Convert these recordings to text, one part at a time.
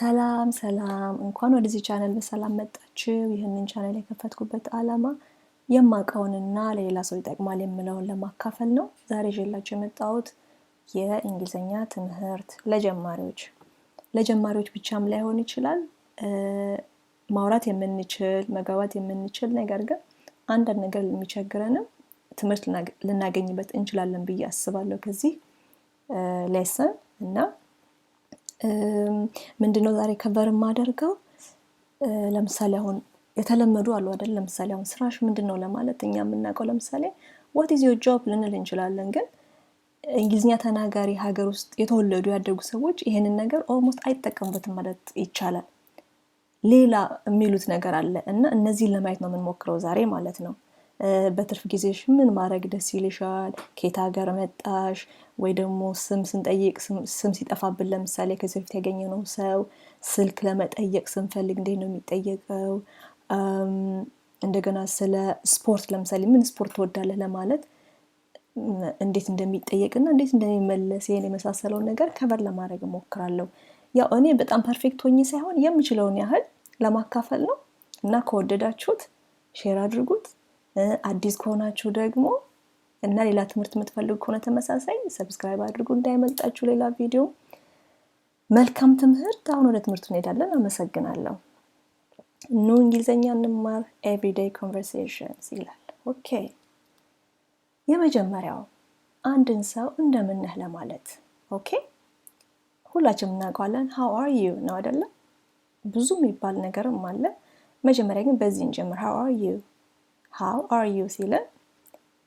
ሰላም ሰላም፣ እንኳን ወደዚህ ቻነል በሰላም መጣችው ይህንን ቻነል የከፈትኩበት አላማ የማውቀውንና ለሌላ ሰው ይጠቅማል የምለውን ለማካፈል ነው። ዛሬ ይዤላችሁ የመጣሁት የእንግሊዝኛ ትምህርት ለጀማሪዎች ለጀማሪዎች ብቻም ላይሆን ይችላል። ማውራት የምንችል መግባባት የምንችል ነገር ግን አንዳንድ ነገር የሚቸግረንም ትምህርት ልናገኝበት እንችላለን ብዬ አስባለሁ ከዚህ ሌሰን እና ምንድነው ዛሬ ከበር የማደርገው ለምሳሌ አሁን የተለመዱ አሉ አይደል? ለምሳሌ አሁን ስራሽ ምንድን ነው ለማለት እኛ የምናውቀው ለምሳሌ ዋት ኢዝ ዮር ጆብ ልንል እንችላለን። ግን እንግሊዝኛ ተናጋሪ ሀገር ውስጥ የተወለዱ ያደጉ ሰዎች ይሄንን ነገር ኦልሞስት አይጠቀሙበትም ማለት ይቻላል። ሌላ የሚሉት ነገር አለ እና እነዚህን ለማየት ነው የምንሞክረው ዛሬ ማለት ነው። በትርፍ ጊዜሽ ምን ማድረግ ደስ ይልሻል? ከየት ሀገር መጣሽ? ወይ ደግሞ ስም ስንጠይቅ ስም ሲጠፋብን ለምሳሌ ከዚህ በፊት ያገኘነው ሰው ስልክ ለመጠየቅ ስንፈልግ እንዴት ነው የሚጠየቀው? እንደገና ስለ ስፖርት ለምሳሌ ምን ስፖርት ትወዳለህ ለማለት እንዴት እንደሚጠየቅና እንዴት እንደሚመለስ ይህን የመሳሰለውን ነገር ከበር ለማድረግ እሞክራለሁ። ያው እኔ በጣም ፐርፌክት ሆኜ ሳይሆን የምችለውን ያህል ለማካፈል ነው እና ከወደዳችሁት ሼር አድርጉት። አዲስ ከሆናችሁ ደግሞ እና ሌላ ትምህርት የምትፈልጉ ከሆነ ተመሳሳይ ሰብስክራይብ አድርጉ እንዳይመልጣችሁ ሌላ ቪዲዮ። መልካም ትምህርት። አሁን ወደ ትምህርቱ እንሄዳለን። አመሰግናለሁ። ኑ እንግሊዝኛ እንማር። ኤቭሪዴይ ኮንቨርሴሽንስ ይላል። ኦኬ የመጀመሪያው አንድን ሰው እንደምነህ ለማለት ኦኬ፣ ሁላችንም እናውቀዋለን። ሀው አር ዩ ነው አይደለም? ብዙ የሚባል ነገርም አለ። መጀመሪያ ግን በዚህ እንጀምር። ሀው አር ዩ ሃው አር ዩ ሲልን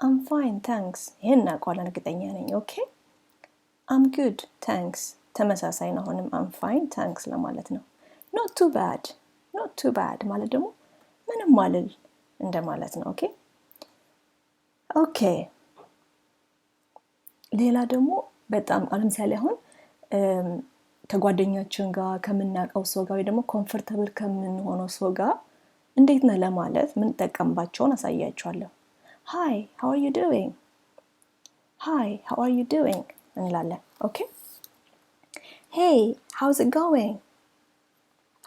አም ፋይን ታንክስ፣ ይህን እናውቀዋለን እርግጠኛ ነኝ። ኦኬ አም ጉድ ታንክስ፣ ተመሳሳይ ነው። አሁንም አም ፋይን ታንክስ ለማለት ነው። ኖት ቱ ባድ፣ ኖት ቱ ባድ ማለት ደግሞ ምንም አልል እንደማለት ነው። ኦኬ ኦኬ። ሌላ ደግሞ በጣም ለምሳሌ አሁን ከጓደኛችን ጋር ከምናውቀው ሰው ጋር ወይ ደግሞ ኮምፎርተብል ከምንሆነው ሰው ጋር እንዴት ነህ ለማለት የምንጠቀምባቸውን አሳያችኋለሁ። ሃይ ሃው አር ዩ ዱዊንግ፣ ሃይ ሃው አር ዩ ዱዊንግ እንላለን። ኦኬ ሄይ ሃውዝ ኢት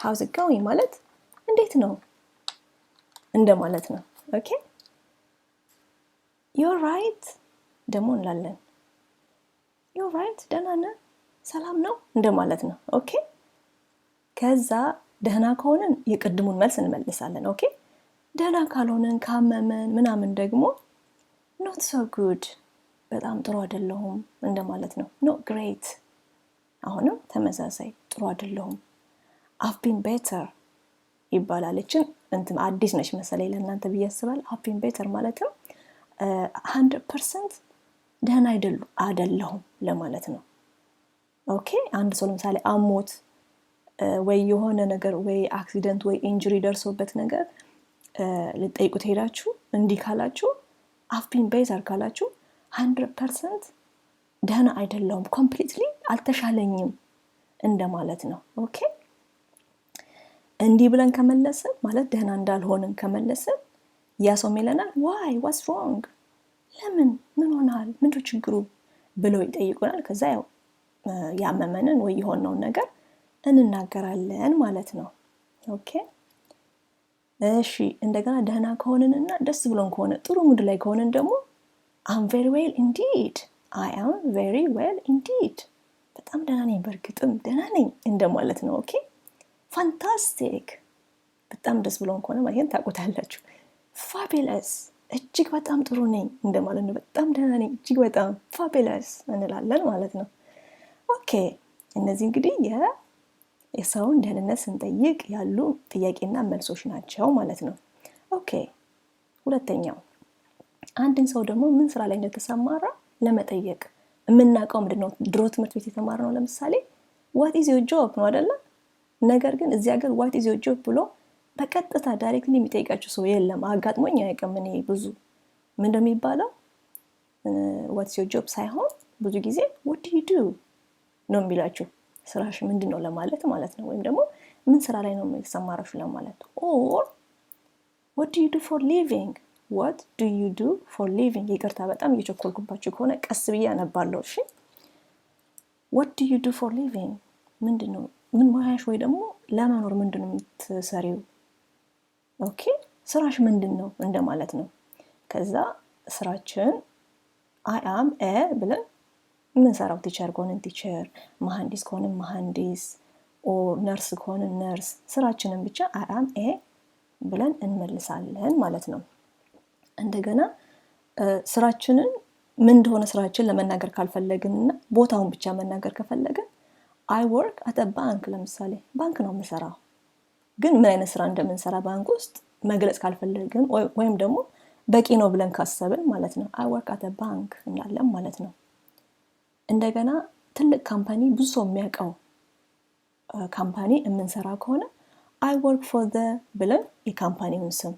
ሃውዝ ማለት እንዴት ነው እንደማለት ነው። ኦኬ ዩ ራይት ደግሞ እንላለን። ዮር ራይት ደህና ነህ፣ ሰላም ነው እንደማለት ነው። ኦኬ ከዛ ደህና ከሆንን የቅድሙን መልስ እንመልሳለን። ኦኬ። ደህና ካልሆነን ካመመን ምናምን ደግሞ ኖት ሶ ጉድ፣ በጣም ጥሩ አይደለሁም እንደማለት ነው። ኖ ግሬት፣ አሁንም ተመሳሳይ ጥሩ አይደለሁም። አፍ ቢን ቤተር ይባላለችን እንትን አዲስ ነች መሰለኝ ለእናንተ ብዬ አስባለሁ። አፍ ቢን ቤተር ማለትም ሀንድረድ ፐርሰንት ደህና አይደሉ አይደለሁም ለማለት ነው። ኦኬ አንድ ሰው ለምሳሌ አሞት ወይ የሆነ ነገር ወይ አክሲደንት ወይ ኢንጁሪ ደርሶበት ነገር ልጠይቁት ሄዳችሁ እንዲህ ካላችሁ አፍቢን ቤተር ካላችሁ ሀንድረድ ፐርሰንት ደህና አይደለውም፣ ኮምፕሊትሊ አልተሻለኝም እንደማለት ነው። ኦኬ እንዲህ ብለን ከመለስን ማለት ደህና እንዳልሆንን ከመለስን ያ ሰው ይለናል ዋይ ዋስ ሮንግ፣ ለምን ምን ሆናል፣ ምንድ ችግሩ ብለው ይጠይቁናል። ከዛ ያው ያመመንን ወይ የሆነውን ነገር እንናገራለን ማለት ነው። ኦኬ እሺ፣ እንደገና ደህና ከሆንንና ደስ ብሎን ከሆነ ጥሩ ሙድ ላይ ከሆንን ደግሞ አም ቨሪ ዌል ኢንዲድ፣ አይ አም ቬሪ ዌል ኢንዲድ፣ በጣም ደህና ነኝ፣ በእርግጥም ደህና ነኝ እንደማለት ነው። ኦኬ ፋንታስቲክ፣ በጣም ደስ ብሎን ከሆነ ማለት ታውቁታላችሁ። ፋቢለስ፣ እጅግ በጣም ጥሩ ነኝ እንደማለት ነው። በጣም ደህና ነኝ፣ እጅግ በጣም ፋቢለስ እንላለን ማለት ነው። ኦኬ እነዚህ እንግዲህ የሰውን ደህንነት ስንጠይቅ ያሉ ጥያቄና መልሶች ናቸው ማለት ነው። ኦኬ ሁለተኛው አንድን ሰው ደግሞ ምን ስራ ላይ እንደተሰማራ ለመጠየቅ የምናውቀው ምንድነው? ድሮ ትምህርት ቤት ነው ለምሳሌ ዋት ኢዝ ዮር ጆብ ነው አደለ? ነገር ግን እዚህ ሀገር ዋት ኢዝ ዮር ጆብ ብሎ በቀጥታ ዳይሬክት የሚጠይቃቸው ሰው የለም። አጋጥሞኝ አያውቅም። እኔ ብዙ ምን እንደሚባለው ዋት ኢዝ ዮር ጆብ ሳይሆን ብዙ ጊዜ ዋት ዱ ዩ ዱ ነው የሚላችሁ። ስራሽ ምንድን ነው ለማለት ማለት ነው። ወይም ደግሞ ምን ስራ ላይ ነው የተሰማራሹ ለማለት ኦር ወት ዱ ዩ ዱ ፎር ሊቪንግ ወት ዱ ዩ ዱ ፎር ሊቪንግ። ይቅርታ በጣም እየቸኮልኩባችሁ ከሆነ ቀስ ብዬ አነባለሁ። እሺ ወት ዱ ዩ ዱ ፎር ሊቪንግ ምንድን ነው ምን ሙያሽ ወይ ደግሞ ለመኖር ምንድን ነው የምትሰሪው? ኦኬ ስራሽ ምንድን ነው እንደማለት ነው። ከዛ ስራችን አይ አም ኤ ብለን የምንሰራው ቲቸር ከሆንን ቲቸር፣ መሀንዲስ ከሆንን መሀንዲስ፣ ነርስ ከሆንን ነርስ፣ ስራችንን ብቻ አያም ኤ ብለን እንመልሳለን ማለት ነው። እንደገና ስራችንን ምን እንደሆነ ስራችን ለመናገር ካልፈለግን እና ቦታውን ብቻ መናገር ከፈለግን አይ ወርክ አተ ባንክ፣ ለምሳሌ ባንክ ነው የምሰራው። ግን ምን አይነት ስራ እንደምንሰራ ባንክ ውስጥ መግለጽ ካልፈለግን ወይም ደግሞ በቂ ነው ብለን ካሰብን ማለት ነው አይ ወርክ አተ ባንክ እንላለን ማለት ነው። እንደገና ትልቅ ካምፓኒ ብዙ ሰው የሚያውቀው ካምፓኒ የምንሰራ ከሆነ አይ ወርክ ፎር ዘ ብለን የካምፓኒውን ስም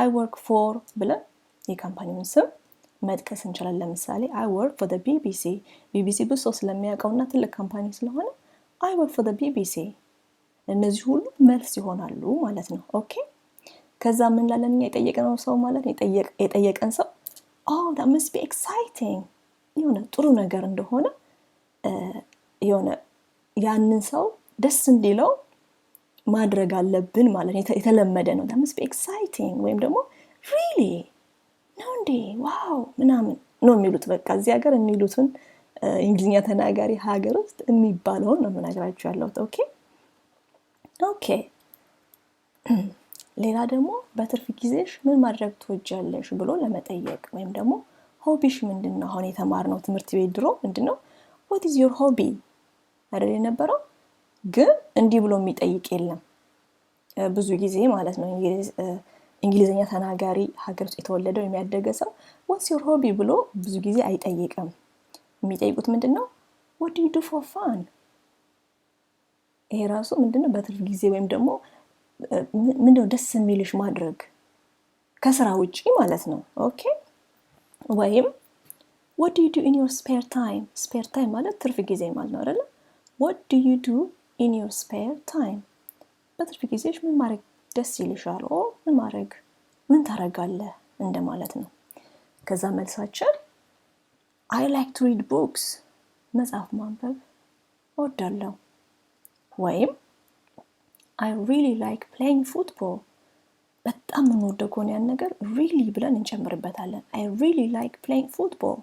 አይ ወርክ ፎር ብለን የካምፓኒውን ስም መጥቀስ እንችላለን። ለምሳሌ አይ ወርክ ፎር ቢቢሲ፣ ቢቢሲ ብዙ ሰው ስለሚያውቀውና ትልቅ ካምፓኒ ስለሆነ አይ ወርክ ፎር ቢቢሲ። እነዚህ ሁሉ መልስ ይሆናሉ ማለት ነው። ኦኬ ከዛ ምን ላለን እኛ ሰው ማለት የጠየቀን ሰው ኦ ዳት መስት ቢ ኤክሳይቲንግ የሆነ ጥሩ ነገር እንደሆነ የሆነ ያንን ሰው ደስ እንዲለው ማድረግ አለብን ማለት ነው። የተለመደ ነው ዳምስ ኤክሳይቲንግ ወይም ደግሞ ሪሊ ነው እንዴ ዋው ምናምን ነው የሚሉት። በቃ እዚህ ሀገር የሚሉትን እንግሊዝኛ ተናጋሪ ሀገር ውስጥ የሚባለውን ነው የምነግራችሁ ያለሁት። ኦኬ ኦኬ። ሌላ ደግሞ በትርፍ ጊዜሽ ምን ማድረግ ትወጃለሽ ብሎ ለመጠየቅ ወይም ደግሞ ሆቢሽ ምንድን ነው? አሁን የተማርነው ትምህርት ቤት ድሮ ምንድን ነው ዋት ኢዝ ዮር ሆቢ አይደል የነበረው። ግን እንዲህ ብሎ የሚጠይቅ የለም ብዙ ጊዜ ማለት ነው። እንግሊዝኛ ተናጋሪ ሀገር ውስጥ የተወለደው የሚያደገ ሰው ዋትስ ዮር ሆቢ ብሎ ብዙ ጊዜ አይጠይቅም። የሚጠይቁት ምንድን ነው ዋት ዩ ዱ ፎር ፋን። ይሄ ራሱ ምንድነው በትርፍ ጊዜ ወይም ደግሞ ምንድነው ደስ የሚልሽ ማድረግ ከስራ ውጪ ማለት ነው። ኦኬ ወይም ዋት ዱ ዩ ዱ ኢን ዮር ስፔር ታይም። ስፔር ታይም ማለት ትርፍ ጊዜ ማለት ነው አይደለ? ዋት ዱ ዩ ዱ ኢን ዮር ስፔር ታይም፣ በትርፍ ጊዜሽ ምን ማድረግ ደስ ይልሻል? ኦ ምን ማድረግ ምን ታደርጋለህ እንደማለት ነው። ከዛ መልሳችን አይ ላይክ ቱ ሪድ ቡክስ፣ መጽሐፍ ማንበብ እወዳለሁ። ወይም አይ ሪሊ ላይክ ፕሌይንግ ፉትቦል፣ በጣም የምንወደው ከሆነ ያን ነገር ሪሊ ብለን እንጨምርበታለን። አይ ሪሊ ላይክ ፕሌይንግ ፉትቦል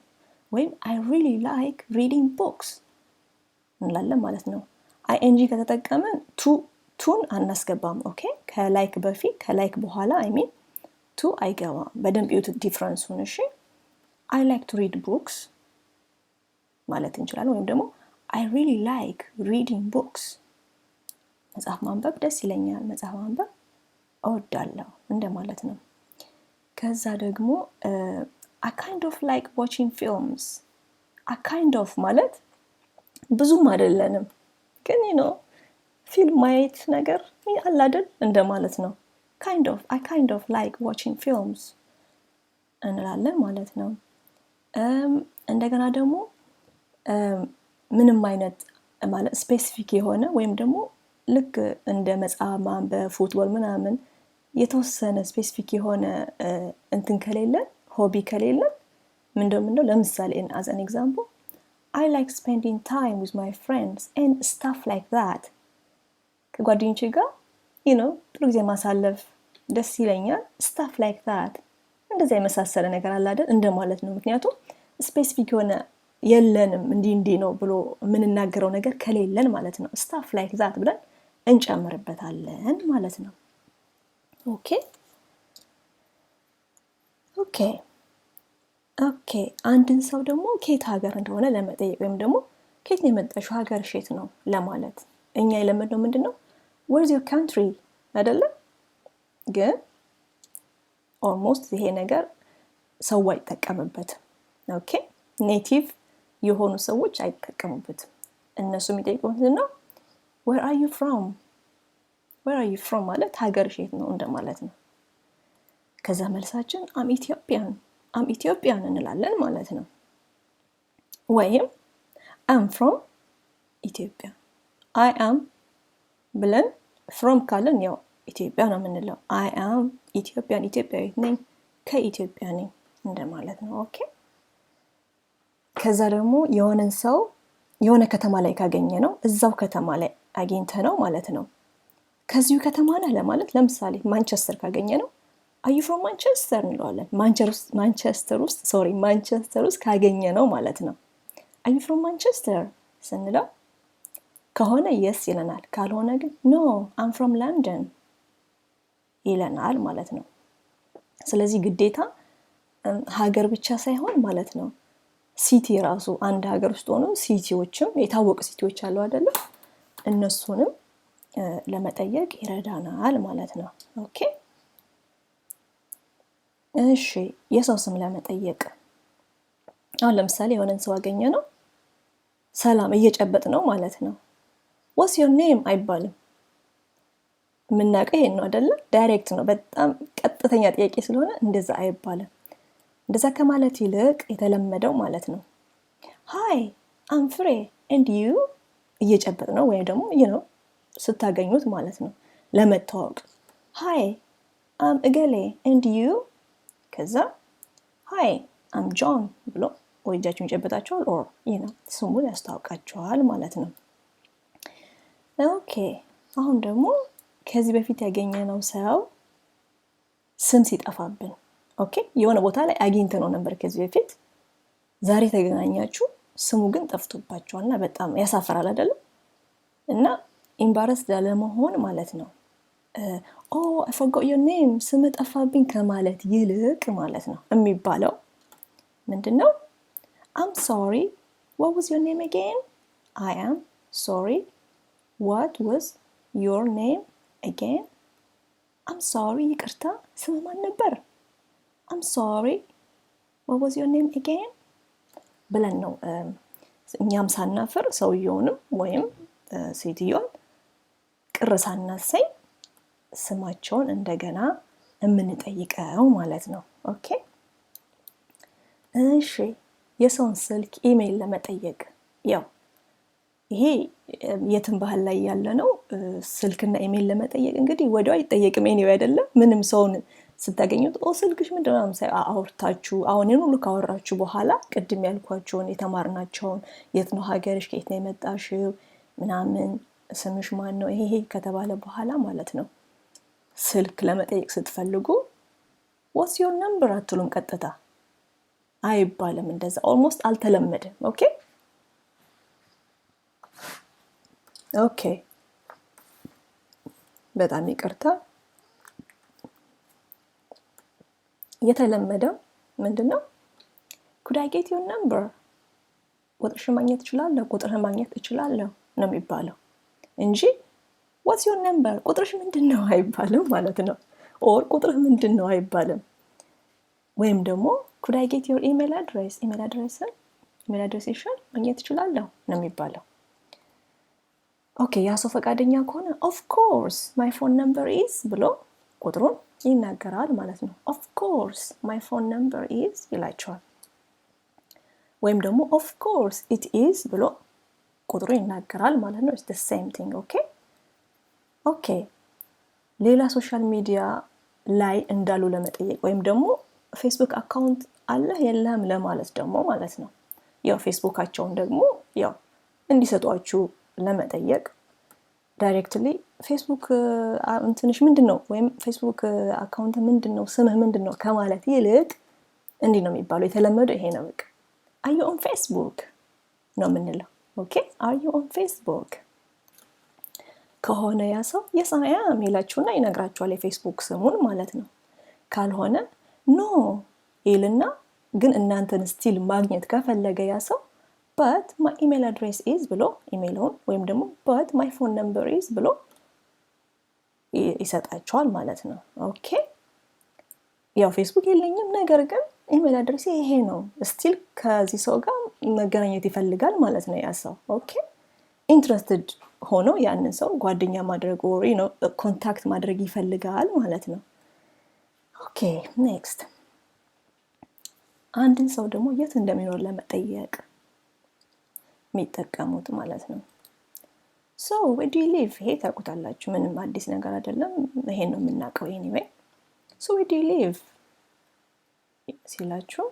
ወይም አይ ሪሊ ላይክ ሪዲንግ ቦክስ እንላለን ማለት ነው። አይ ኤንጂ ከተጠቀምን ቱ ቱን አናስገባም። ኦኬ ከላይክ በፊት ከላይክ በኋላ አይሚን ቱ አይገባም። በደንብ ዩት ዲፍረንሱን። እሺ አይ ላይክ ቱ ሪድ ቦክስ ማለት እንችላለን። ወይም ደግሞ አይ ሪሊ ላይክ ሪዲንግ ቦክስ፣ መጽሐፍ ማንበብ ደስ ይለኛል። መጽሐፍ ማንበብ እወዳለሁ እንደማለት ነው። ከዛ ደግሞ አካይንድ ኦፍ ላይክ ዋቺንግ ፊልምስ አካይንድ ኦፍ ማለት ብዙም አይደለንም ግን ነው ፊልም ማየት ነገር አላደል እንደማለት ነው። ካይንድ ኦፍ አይ ካይንድ ኦፍ ላይክ ዋቺንግ ፊልምስ እንላለን ማለት ነው። እንደገና ደግሞ ምንም አይነት ማለት ስፔሲፊክ የሆነ ወይም ደግሞ ልክ እንደ መጽሐፍ ማንበብ፣ ፉትቦል ምናምን የተወሰነ ስፔሲፊክ የሆነ እንትን ከሌለን ሆቢ ከሌለን ምንደው ምንደው ለምሳሌ አዘን ኤግዛምፕል አይ ላይክ ስፔንዲንግ ታይም ዊዝ ማይ ፍሬንድስ ኤንድ ስታፍ ላይክ ዛት ከጓደኞች ጋር ይህ ነው ጥሩ ጊዜ ማሳለፍ ደስ ይለኛል። ስታፍ ላይክ ዛት እንደዚያ የመሳሰለ ነገር አላደል እንደማለት ነው። ምክንያቱም ስፔሲፊክ የሆነ የለንም እንዲህ እንዲህ ነው ብሎ የምንናገረው ነገር ከሌለን ማለት ነው። ስታፍ ላይክ ዛት ብለን እንጨምርበታለን ማለት ነው። ኦኬ ኦኬ ኦኬ አንድን ሰው ደግሞ ከየት ሀገር እንደሆነ ለመጠየቅ ወይም ደግሞ ከየት ነው የመጣሽው ሀገር ሼት ነው ለማለት እኛ የለመድነው ምንድን ነው ወርዝ ዮር ካንትሪ አይደለም ግን ኦልሞስት ይሄ ነገር ሰው አይጠቀምበትም ኦኬ ኔቲቭ የሆኑ ሰዎች አይጠቀሙበትም እነሱ የሚጠይቁ ምንድን ነው ወር አር ዩ ፍሮም ዌር አር ዩ ፍሮም ማለት ሀገርሽ የት ነው እንደማለት ነው። ከዛ መልሳችን አም ኢትዮጵያን አም ኢትዮጵያን እንላለን ማለት ነው። ወይም አም ፍሮም ኢትዮጵያ አይ አም ብለን ፍሮም ካለን ያው ኢትዮጵያ ነው የምንለው። አይ አም ኢትዮጵያን ኢትዮጵያዊት ነኝ ከኢትዮጵያ ነኝ እንደማለት ነው። ኦኬ። ከዛ ደግሞ የሆነን ሰው የሆነ ከተማ ላይ ካገኘ ነው እዛው ከተማ ላይ አግኝተ ነው ማለት ነው። ከዚሁ ከተማ ነህ ለማለት ለምሳሌ ማንቸስተር ካገኘ ነው አዩ ፍሮም ማንቸስተር እንለዋለን። ማንቸስተር ውስጥ ሶሪ ማንቸስተር ውስጥ ካገኘ ነው ማለት ነው። አዩ ፍሮም ማንቸስተር ስንለው ከሆነ የስ ይለናል፣ ካልሆነ ግን ኖ አም ፍሮም ለንደን ይለናል ማለት ነው። ስለዚህ ግዴታ ሀገር ብቻ ሳይሆን ማለት ነው ሲቲ ራሱ አንድ ሀገር ውስጥ ሆኖ ሲቲዎችም የታወቁ ሲቲዎች አሉ አይደለም እነሱንም ለመጠየቅ ይረዳናል ማለት ነው። ኦኬ እሺ፣ የሰው ስም ለመጠየቅ አሁን ለምሳሌ የሆነን ሰው አገኘ ነው ሰላም እየጨበጥ ነው ማለት ነው። ዋስ ዮር ኔም አይባልም። የምናውቀው ይሄን ነው አደለ? ዳይሬክት ነው፣ በጣም ቀጥተኛ ጥያቄ ስለሆነ እንደዛ አይባልም። እንደዛ ከማለት ይልቅ የተለመደው ማለት ነው ሀይ አም ፍሬ ኤንድ ዩ እየጨበጥ ነው ወይም ደግሞ ይህ ነው ስታገኙት ማለት ነው ለመታወቅ ሃይ አም እገሌ ኤንድ ዩ ከዛ ሃይ አም ጆን ብሎ ወይ እጃችሁን ኦር ይህ ስሙን ማለት ነው። ኦኬ አሁን ደግሞ ከዚህ በፊት ያገኘነው ሰው ስም ሲጠፋብን፣ ኦኬ የሆነ ቦታ ላይ አግኝተ ነው ነበር ከዚህ በፊት ዛሬ ተገናኛችሁ፣ ስሙ ግን ጠፍቶባቸዋልና በጣም ያሳፈራል አይደለም እና ኢምባረስድ ያለመሆን ማለት ነው። ኦ አይፎርጎት ዮር ኔም ስም ጠፋብኝ ከማለት ይልቅ ማለት ነው የሚባለው ምንድን ነው? አም ሶሪ ዋት ዋዝ ዮር ኔም አጌን። አይ አም ሶሪ ዋት ዋዝ ዮር ኔም አጌን። አም ሶሪ ይቅርታ፣ ስም ማን ነበር? አም ሶሪ ዋት ዋዝ ዮር ኔም አጌን ብለን ነው እኛም ሳናፍር ሰውየውንም ወይም ሴትዮዋን ቅር ሳናሰኝ ስማቸውን እንደገና የምንጠይቀው ማለት ነው። ኦኬ እሺ፣ የሰውን ስልክ ኢሜይል ለመጠየቅ ያው ይሄ የትን ባህል ላይ ያለ ነው። ስልክና ኢሜይል ለመጠየቅ እንግዲህ ወዲያው አይጠየቅም። ኔ አይደለም ምንም ሰውን ስታገኙት ስልክሽ ምንድን ነው አውርታችሁ አሁን ይህን ሁሉ ካወራችሁ በኋላ ቅድም ያልኳቸውን የተማርናቸውን የት ነው ሀገርሽ፣ ከየት ነው የመጣሽው ምናምን ስምሽ ማን ነው? ይሄ ከተባለ በኋላ ማለት ነው ስልክ ለመጠየቅ ስትፈልጉ ዋትስ ዮር ነምበር አትሉም። ቀጥታ አይባልም እንደዛ። ኦልሞስት አልተለመደም ኦኬ ኦኬ። በጣም ይቅርታ። የተለመደው ምንድን ነው? ኩድ አይ ጌት ዮር ነምበር፣ ቁጥርሽ ማግኘት እችላለሁ፣ ቁጥርህ ማግኘት እችላለሁ ነው የሚባለው። እንጂ ዋትስ ዮር ነምበር ቁጥርሽ ምንድን ነው አይባልም ማለት ነው። ኦር ቁጥርህ ምንድን ነው አይባልም። ወይም ደግሞ ኩዳይ ጌት ዮር ኢሜል አድሬስ ኢሜል አድሬስን ኢሜል አድሬስሽን ማግኘት እችላለሁ ነው የሚባለው። ኦኬ ያ ሰው ፈቃደኛ ከሆነ ኦፍኮርስ ማይ ፎን ነምበር ኢዝ ብሎ ቁጥሩን ይናገራል ማለት ነው። ኦፍኮርስ ማይ ፎን ነምበር ኢዝ ይላቸዋል። ወይም ደግሞ ኦፍኮርስ ኢት ኢዝ ብሎ ቁጥሩ ይናገራል ማለት ነው። ኢትስ ሴም ቲንግ ኦኬ ኦኬ። ሌላ ሶሻል ሚዲያ ላይ እንዳሉ ለመጠየቅ ወይም ደግሞ ፌስቡክ አካውንት አለህ የለህም ለማለት ደግሞ ማለት ነው። ያው ፌስቡካቸውን ደግሞ ያው እንዲሰጧችሁ ለመጠየቅ ዳይሬክትሊ ፌስቡክ እንትንሽ ምንድን ነው ወይም ፌስቡክ አካውንት ምንድን ነው ስምህ ምንድን ነው ከማለት ይልቅ እንዲህ ነው የሚባለው። የተለመደው ይሄ ነው። በቃ አዩ ፌስቡክ ነው የምንለው። ኦኬ አር ዩ ኦን ፌስቡክ ከሆነ ያ ሰው የስ አይ አም ይላችሁና ይነግራችኋል የፌስቡክ ስሙን ማለት ነው። ካልሆነ ኖ ይልና ግን እናንተን ስቲል ማግኘት ከፈለገ ያ ሰው በት ማይ ኢሜል አድሬስ ኢዝ ብሎ ኢሜይለውን ወይም ደግሞ በት ማይ ፎን ነምበር ኢዝ ብሎ ይሰጣቸዋል ማለት ነው። ኦኬ ያው ፌስቡክ የለኝም ነገር ግን ኢሜል አድሬሴ ይሄ ነው። ስቲል ከዚህ ሰው ጋር መገናኘት ይፈልጋል ማለት ነው ያ ሰው ኦኬ። ኢንትረስትድ ሆኖ ያንን ሰው ጓደኛ ማድረግ ወሪ ነው ኮንታክት ማድረግ ይፈልጋል ማለት ነው። ኦኬ ኔክስት፣ አንድን ሰው ደግሞ የት እንደሚኖር ለመጠየቅ የሚጠቀሙት ማለት ነው። ሶ ዌር ዱ ዩ ሊቭ ይሄ ታውቁታላችሁ፣ ምንም አዲስ ነገር አይደለም። ይሄን ነው የምናውቀው። ኤኒዌይ ሶ ዌር ዱ ዩ ሊቭ ሲላችሁ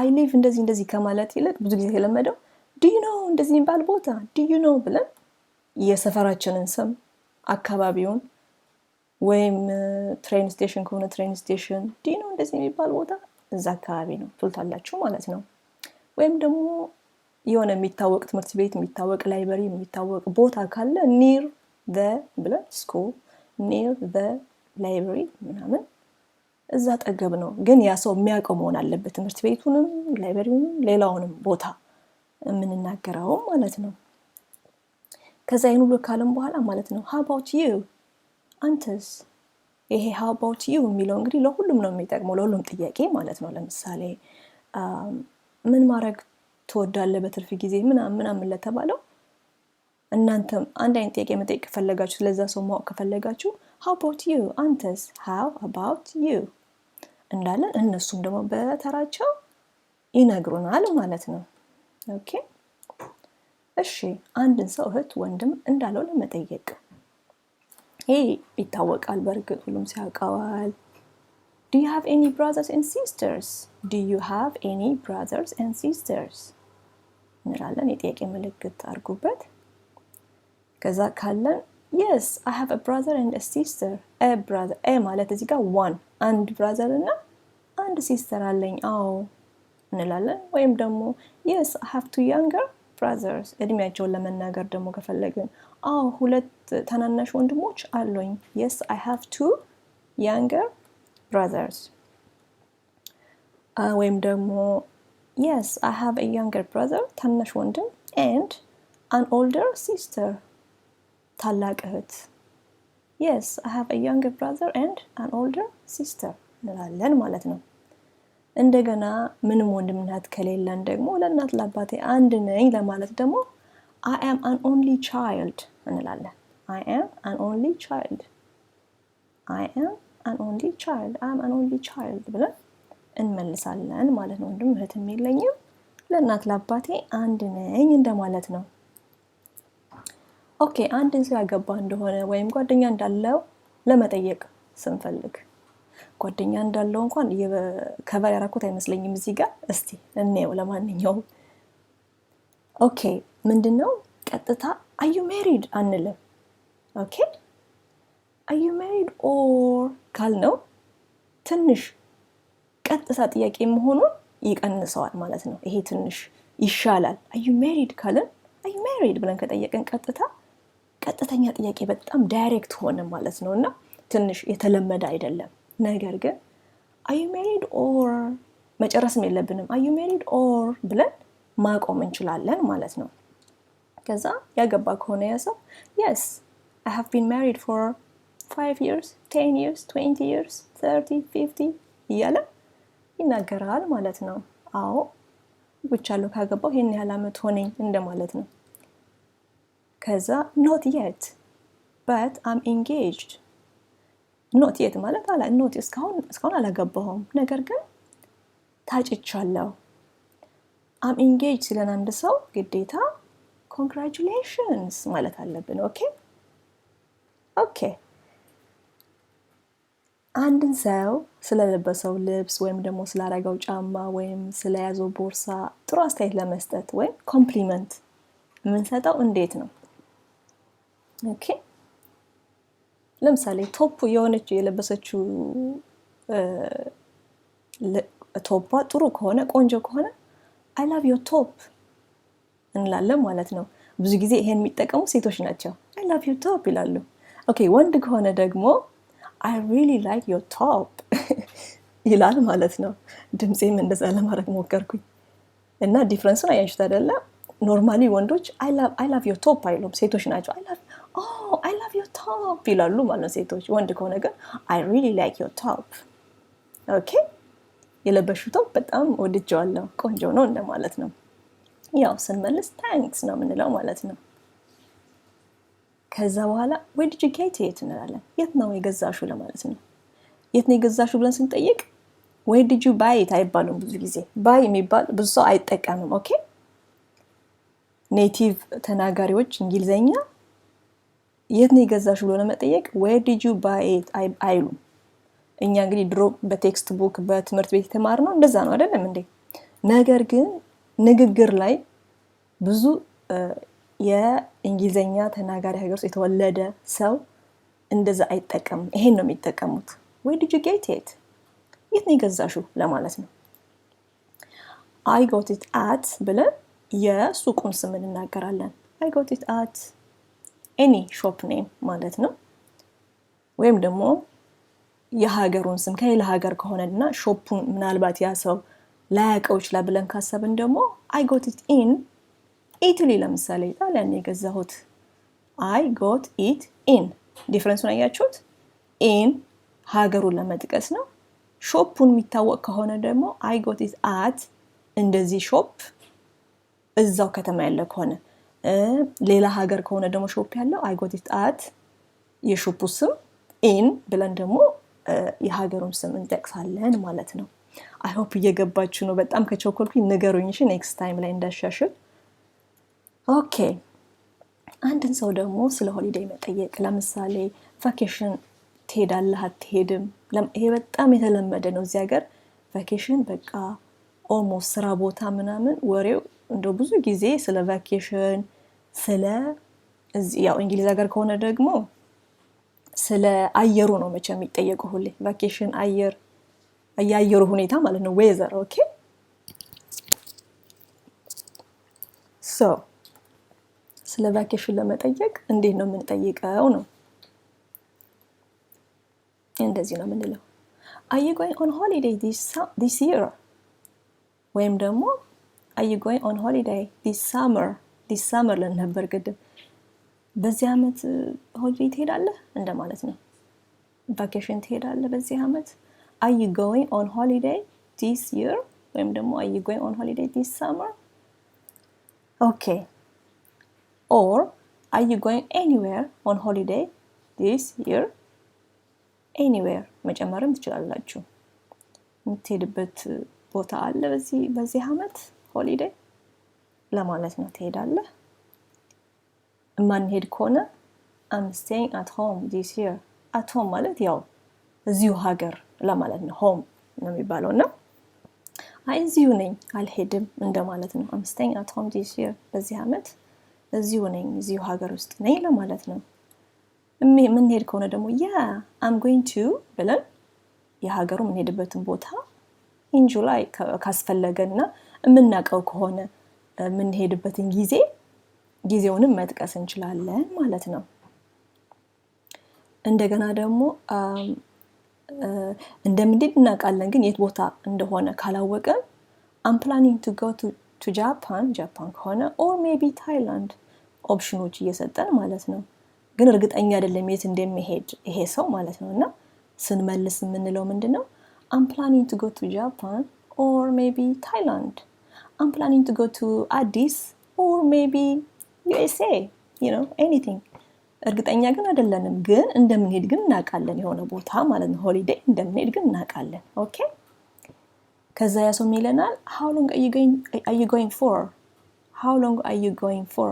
አይ ሊቭ እንደዚህ እንደዚህ ከማለት ይልቅ ብዙ ጊዜ የተለመደው ድዩ ነው እንደዚህ የሚባል ቦታ ድዩ ነው ብለን የሰፈራችንን ስም አካባቢውን ወይም ትሬን ስቴሽን ከሆነ ትሬን ስቴሽን ዱዩ ነው እንደዚህ የሚባል ቦታ እዛ አካባቢ ነው ትሉታላችሁ ማለት ነው። ወይም ደግሞ የሆነ የሚታወቅ ትምህርት ቤት፣ የሚታወቅ ላይበሪ፣ የሚታወቅ ቦታ ካለ ኒር ደ ብለን ስኩል ኒር ደ ላይበሪ ምናምን እዛ ጠገብ ነው። ግን ያ ሰው የሚያውቀው መሆን አለበት፣ ትምህርት ቤቱንም፣ ላይበሪውንም፣ ሌላውንም ቦታ የምንናገረውም ማለት ነው። ከዛ ይህን ሁሉ ካለም በኋላ ማለት ነው ሀባውት ዩ አንተስ። ይሄ ሀባውት ዩ የሚለው እንግዲህ ለሁሉም ነው የሚጠቅመው፣ ለሁሉም ጥያቄ ማለት ነው። ለምሳሌ ምን ማድረግ ትወዳለህ በትርፍ ጊዜ ምናምን ምናምን ለተባለው እናንተም አንድ አይነት ጥያቄ መጠየቅ ከፈለጋችሁ ስለዛ ሰው ማወቅ ከፈለጋችሁ ሃው አባውት ዩ አንተስ ሃው አባውት ዩ እንዳለን እነሱም ደግሞ በተራቸው ይነግሩናል ማለት ነው። ኦኬ እሺ፣ አንድን ሰው እህት ወንድም እንዳለው ለመጠየቅ ይሄ ይታወቃል። በእርግጥ ሁሉም ሲያውቀዋል። ዱ ዩ ሃቭ ኤኒ ብራዘርስ ኤንድ ሲስተርስ፣ ዱ ዩ ሃቭ ኤኒ ብራዘርስ ኤንድ ሲስተርስ እንላለን። የጥያቄ ምልክት አድርጉበት። ከዛ ካለን የስ አይ ሃቭ አ ብራዘር ኤንድ አ ሲስተር አ ብራዘር ኤ ማለት እዚህ ጋር ዋን አንድ ብራዘር እና አንድ ሲስተር አለኝ አዎ እንላለን። ወይም ደግሞ የስ አይ ሃቭ ቱ ያንገር ብራዘርስ እድሜያቸውን ለመናገር ደግሞ ከፈለግን አዎ ሁለት ታናናሽ ወንድሞች አሉኝ። የስ አይ ሃቭ ቱ ያንገር ብራዘርስ ወይም ደግሞ የስ አይ ሃቭ አ ያንገር ብራዘር ታናሽ ወንድም ኤንድ አን ኦልደር ሲስተር ታላቅ እህት የስ አይ ሃቭ አ ያንግ ብራዘር ኤንድ አን ኦልደር ሲስተር እንላለን ማለት ነው። እንደገና ምንም ወንድም ከሌለን ደግሞ ለእናት ለአባቴ አንድ ነኝ ለማለት ደግሞ አይ አም አን ኦንሊ ቻይልድ እንላለን። አይ አም አን ኦንሊ ቻይልድ አይ አም አን ኦንሊ ቻይልድ አይ አም አን ኦንሊ ቻይልድ ብለን እንመልሳለን ማለት ነው። ወንድም እህት የለኝም ለእናት ለአባቴ አንድ ነኝ እንደማለት ነው። ኦኬ አንድን ሰው ያገባ እንደሆነ ወይም ጓደኛ እንዳለው ለመጠየቅ ስንፈልግ ጓደኛ እንዳለው እንኳን ከበር ያረኩት አይመስለኝም። እዚህ ጋር እስቲ እኔው ለማንኛውም ኦኬ፣ ምንድን ነው ቀጥታ አዩ ሜሪድ አንልም። ኦኬ አዩ ሜሪድ ኦር ነው ትንሽ ቀጥታ ጥያቄ መሆኑን ይቀንሰዋል ማለት ነው። ይሄ ትንሽ ይሻላል። አዩ ሜሪድ ካልን አዩ ሜሪድ ብለን ከጠየቅን ቀጥታ ቀጥተኛ ጥያቄ በጣም ዳይሬክት ሆነ ማለት ነው እና ትንሽ የተለመደ አይደለም። ነገር ግን አዩ ሜሪድ ኦር መጨረስም የለብንም አዩ ሜሪድ ኦር ብለን ማቆም እንችላለን ማለት ነው። ከዛ ያገባ ከሆነ ያ ሰው የስ አይ ሃቭ ቢን ማሪድ ፎር ፋይቭ ይርስ ቴን ይርስ ትዌንቲ ይርስ ተርቲ ፊፍቲ እያለ ይናገራል ማለት ነው። አዎ ብቻለሁ ካገባው ይህን ያህል አመት ሆነኝ እንደማለት ነው። ከዛ ኖት የት በት አም ኢንጌጅድ ኖት የት ማለት አላ ኖት እስካሁን አላገባሁም፣ ነገር ግን ታጭቻለሁ። አም ኢንጌጅ ሲለን አንድ ሰው ግዴታ ኮንግራጁሌሽንስ ማለት አለብን። ኦኬ ኦኬ። አንድን ሰው ስለለበሰው ልብስ ወይም ደግሞ ስላረገው ጫማ ወይም ስለያዘው ቦርሳ ጥሩ አስተያየት ለመስጠት ወይም ኮምፕሊመንት የምንሰጠው እንዴት ነው? ኦኬ ለምሳሌ ቶፕ የሆነች የለበሰችው ቶፓ ጥሩ ከሆነ ቆንጆ ከሆነ አይ ላቭ ዮር ቶፕ እንላለን ማለት ነው። ብዙ ጊዜ ይሄን የሚጠቀሙ ሴቶች ናቸው። አይ ላቭ ዮር ቶፕ ይላሉ። ኦኬ ወንድ ከሆነ ደግሞ አይ ሪሊ ላይክ ዮር ቶፕ ይላል ማለት ነው። ድምፄም እንደዛ ለማድረግ ሞከርኩኝ እና ዲፍረንሱን አያችሁት አይደለም? ኖርማሊ ወንዶች አይ ላቭ ዮር ቶፕ አይሉም፣ ሴቶች ናቸው አይ ላቭ አይ ላቭ ዮር ቶፕ ይላሉ ማለት ነው ሴቶች። ወንድ ከሆነ ግን አይ ሪሊ ላይክ ዮር ታፕ ኦኬ። የለበሽው ታፕ በጣም ወድጀዋለሁ ቆንጆ ነው እንደማለት ነው። ያው ስንመልስ ታንክስ ነው የምንለው ማለት ነው። ከዛ በኋላ ዌር ዲድ ዩ ጌት ኢት እንላለን። የት ነው የገዛሹ ለማለት ነው። የት ነው የገዛሹ ብለን ስንጠይቅ ዌር ዲድ ዩ ባይ ኢት አይባልም። ብዙ ጊዜ ባይ የሚባል ብዙ ሰው አይጠቀምም። ኦኬ ኔቲቭ ተናጋሪዎች እንግሊዘኛ የት ነው የገዛሽ ብሎ ለመጠየቅ ዌር ዲድ ዩ ባይ እኛ እንግዲህ ድሮ በቴክስት ቡክ በትምህርት ቤት የተማርነው እንደዛ ነው አይደለም እንዴ? ነገር ግን ንግግር ላይ ብዙ የእንግሊዝኛ ተናጋሪ ሀገር ውስጥ የተወለደ ሰው እንደዛ አይጠቀምም። ይሄን ነው የሚጠቀሙት። ወይ ዲድ ዩ ጌት ኢት፣ የት ነው የገዛሹ ለማለት ነው። አይ ጎት ኢት አት ብለን የሱቁን ስም እንናገራለን። አይ ጎት ኢት አት ኤኒ ሾፕ ኔም ማለት ነው። ወይም ደግሞ የሀገሩን ስም ከሌላ ሀገር ከሆነ እና ሾፑን ምናልባት ያ ሰው ላያቀው ይችላል ብለን ካሰብን ደግሞ አይ ጎት ኢት ኢን ኢትሊ ለምሳሌ ጣሊያን የገዛሁት አይ ጎት ኢት ኢን። ዲፍረንሱን አያችሁት? ኢን ሀገሩን ለመጥቀስ ነው። ሾፑን የሚታወቅ ከሆነ ደግሞ አይ ጎት ኢት አት እንደዚህ ሾፕ እዛው ከተማ ያለ ከሆነ ሌላ ሀገር ከሆነ ደግሞ ሾፕ ያለው አይጎቲት አት የሾፑ ስም ኤን ብለን ደግሞ የሀገሩን ስም እንጠቅሳለን ማለት ነው። አይሆፕ እየገባችሁ ነው። በጣም ከቸኮልኩ ንገሩኝ እሺ፣ ኔክስት ታይም ላይ እንዳሻሽል። ኦኬ አንድን ሰው ደግሞ ስለ ሆሊዴይ መጠየቅ ለምሳሌ ቫኬሽን ትሄዳለህ አትሄድም? ይሄ በጣም የተለመደ ነው እዚህ ሀገር ቫኬሽን በቃ ኦልሞስት ስራ ቦታ ምናምን ወሬው እንደ ብዙ ጊዜ ስለ ቫኬሽን ስለ ያው እንግሊዝ ሀገር ከሆነ ደግሞ ስለ አየሩ ነው መቼ የሚጠየቀው ሁሌ ቫኬሽን አየር የአየሩ ሁኔታ ማለት ነው ዌዘር ኦኬ ሶ ስለ ቫኬሽን ለመጠየቅ እንዴት ነው የምንጠይቀው ነው እንደዚህ ነው የምንለው አር ዩ ጎይንግ ኦን ሆሊዴይ ዲስ ይር ወይም ደግሞ አር ዩ ጎይንግ ኦን ሆሊዴይ ዲስ ሳመር ዲሳመርለን ነበር ግድም በዚህ አመት ሆሊዴ ትሄዳለህ እንደማለት ነው። ቫኬሽን ትሄዳለህ በዚህ አመት አይ ጎይንግ ኦን ሆሊዴ ዲስ ይር ወይም ደግሞ አይ ጎይንግ ኦን ሆሊዴይ ዲስ ሳመር ኦኬ ኦር አይ ዩ ጎይንግ ኤኒዌር ኦን ሆሊዴይ ዲስ ይር ኤኒዌር መጨመርም ትችላላችሁ። የምትሄድበት ቦታ አለ በዚህ በዚህ አመት ሆሊዴ ለማለት ነው ትሄዳለህ። እማንሄድ ከሆነ አም ስቴይንግ አት ሆም ዲስ ይር። አት ሆም ማለት ያው እዚሁ ሀገር ለማለት ነው። ሆም ነው የሚባለው እና አይ እዚሁ ነኝ አልሄድም እንደማለት ነው። አም ስቴይንግ አት ሆም ዲስ ይር፣ በዚህ አመት እዚሁ ነኝ እዚሁ ሀገር ውስጥ ነኝ ለማለት ነው። የምንሄድ ከሆነ ደግሞ ያ አም ጎይንግ ቱ ብለን የሀገሩ የምንሄድበትን ቦታ ኢን ጁላይ ካስፈለገ እና የምናውቀው ከሆነ የምንሄድበትን ጊዜ ጊዜውንም መጥቀስ እንችላለን ማለት ነው። እንደገና ደግሞ እንደምንሄድ እናውቃለን፣ ግን የት ቦታ እንደሆነ ካላወቅን አምፕላኒንግ ቱ ጎ ቱ ጃፓን ጃፓን ከሆነ ኦር ሜቢ ታይላንድ ኦፕሽኖች እየሰጠን ማለት ነው። ግን እርግጠኛ አይደለም የት እንደሚሄድ ይሄ ሰው ማለት ነው። እና ስንመልስ የምንለው ምንድን ነው? አምፕላኒንግ ቱ ጎ ቱ ጃፓን ኦር ሜቢ ታይላንድ I'm planning to go to Addis or maybe USA, you know, anything. እርግጠኛ ግን አይደለንም፣ ግን እንደምንሄድ ግን እናውቃለን። የሆነ ቦታ ማለት ነው ሆሊዴይ እንደምንሄድ ግን እናውቃለን። ኦኬ። ከዛ ያ ሰው ይለናል how long are you going for how long are you going for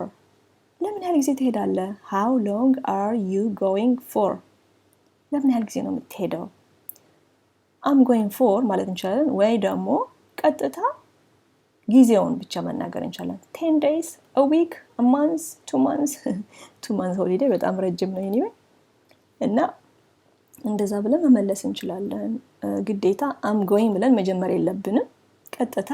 ለምን ያህል ጊዜ ትሄዳለህ? how long are you going for ለምን ያህል ጊዜ ነው የምትሄደው? I'm going for ማለት እንችላለን ወይ ደግሞ ቀጥታ ጊዜውን ብቻ መናገር እንችላለን። ቴን ዴይስ ዊክ ማንስ ቱ ማንስ ቱ ማንስ ሆሊዴ በጣም ረጅም ነው ኒ እና እንደዛ ብለን መመለስ እንችላለን። ግዴታ አም ጎይን ብለን መጀመር የለብንም። ቀጥታ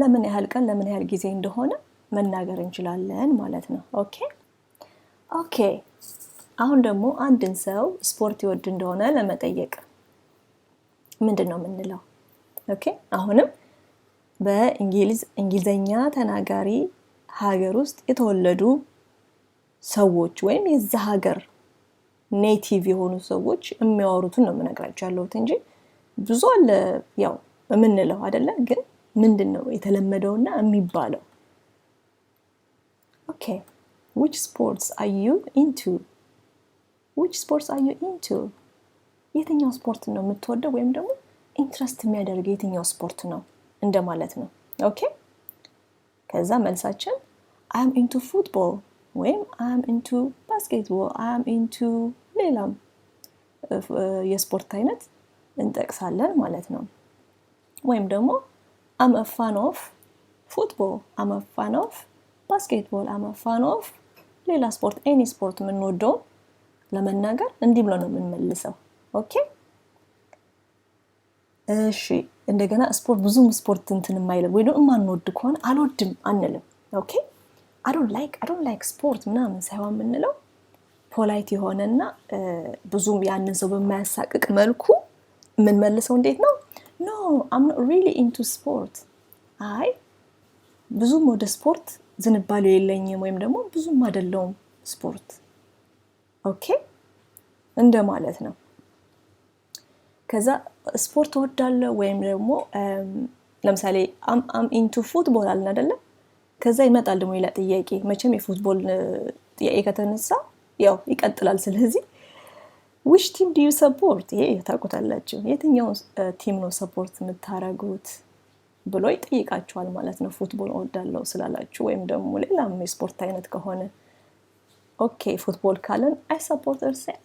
ለምን ያህል ቀን ለምን ያህል ጊዜ እንደሆነ መናገር እንችላለን ማለት ነው። ኦኬ ኦኬ። አሁን ደግሞ አንድን ሰው ስፖርት ይወድ እንደሆነ ለመጠየቅ ምንድን ነው የምንለው? ኦኬ አሁንም በእንግሊዝ እንግሊዘኛ ተናጋሪ ሀገር ውስጥ የተወለዱ ሰዎች ወይም የዛ ሀገር ኔቲቭ የሆኑ ሰዎች የሚያወሩትን ነው የምነግራቸው ያለሁት እንጂ ብዙ አለ ያው የምንለው አደለ ግን ምንድን ነው የተለመደውና የሚባለው? ኦኬ ዊች ስፖርትስ አር ዩ ኢንቱ ዊች ስፖርትስ አር ዩ ኢንቱ የትኛው ስፖርት ነው የምትወደው ወይም ደግሞ ኢንትረስት የሚያደርግ የትኛው ስፖርት ነው እንደማለት ነው። ኦኬ ከዛ መልሳችን አም ኢንቱ ፉትቦል ወይም አም ኢንቱ ባስኬትቦል፣ አም ኢንቱ ሌላም የስፖርት አይነት እንጠቅሳለን ማለት ነው። ወይም ደግሞ አም ፋን ኦፍ ፉትቦል፣ አም ፋን ኦፍ ባስኬትቦል፣ አም ፋን ኦፍ ሌላ ስፖርት፣ ኤኒ ስፖርት የምንወደው ለመናገር እንዲህ ብሎ ነው የምንመልሰው። ኦኬ እሺ እንደገና ስፖርት ብዙም ስፖርት እንትን የማይለም ወይ የማንወድ ከሆነ አልወድም አንልም። ኦኬ አዶን ላይክ አዶን ላይክ ስፖርት ምናምን ሳይሆን የምንለው ፖላይት የሆነና ብዙም ያንን ሰው በማያሳቅቅ መልኩ የምንመልሰው እንዴት ነው? ኖ አም ኖት ሪሊ ኢንቱ ስፖርት፣ አይ ብዙም ወደ ስፖርት ዝንባሌው የለኝም ወይም ደግሞ ብዙም አይደለውም ስፖርት። ኦኬ እንደ ማለት ነው። ከዛ ስፖርት ወዳለው ወይም ደግሞ ለምሳሌ አም ኢንቱ ፉትቦል አለን አይደለም። ከዛ ይመጣል ደግሞ ሌላ ጥያቄ። መቼም የፉትቦል ጥያቄ ከተነሳ ያው ይቀጥላል። ስለዚህ ዊች ቲም ዲዩ ሰፖርት፣ ይሄ ታውቁታላችሁ። የትኛውን ቲም ነው ሰፖርት የምታረጉት ብሎ ይጠይቃችኋል ማለት ነው። ፉትቦል ወዳለው ስላላችሁ ወይም ደግሞ ሌላም የስፖርት አይነት ከሆነ ኦኬ ፉትቦል ካለን አይ ሰፖርት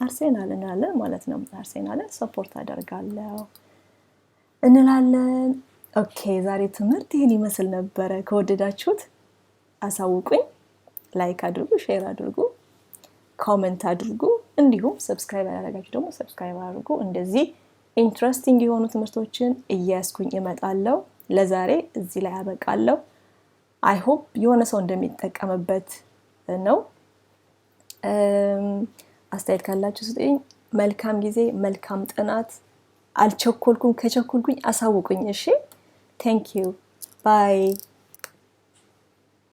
አርሴናል እንላለን ማለት ነው። አርሴናልን ሰፖርት አደርጋለሁ እንላለን። ኦኬ ዛሬ ትምህርት ይህን ይመስል ነበረ። ከወደዳችሁት አሳውቁኝ። ላይክ አድርጉ፣ ሼር አድርጉ፣ ኮመንት አድርጉ። እንዲሁም ሰብስክራይብ ያላረጋችሁ ደግሞ ሰብስክራይብ አድርጉ። እንደዚህ ኢንትረስቲንግ የሆኑ ትምህርቶችን እያያስኩኝ እመጣለሁ። ለዛሬ እዚህ ላይ አበቃለሁ። አይሆፕ የሆነ ሰው እንደሚጠቀምበት ነው። አስተያየት ካላችሁ ስጡኝ። መልካም ጊዜ፣ መልካም ጥናት። አልቸኮልኩም። ከቸኮልኩኝ አሳውቁኝ። እሺ። ቴንክ ዩ ባይ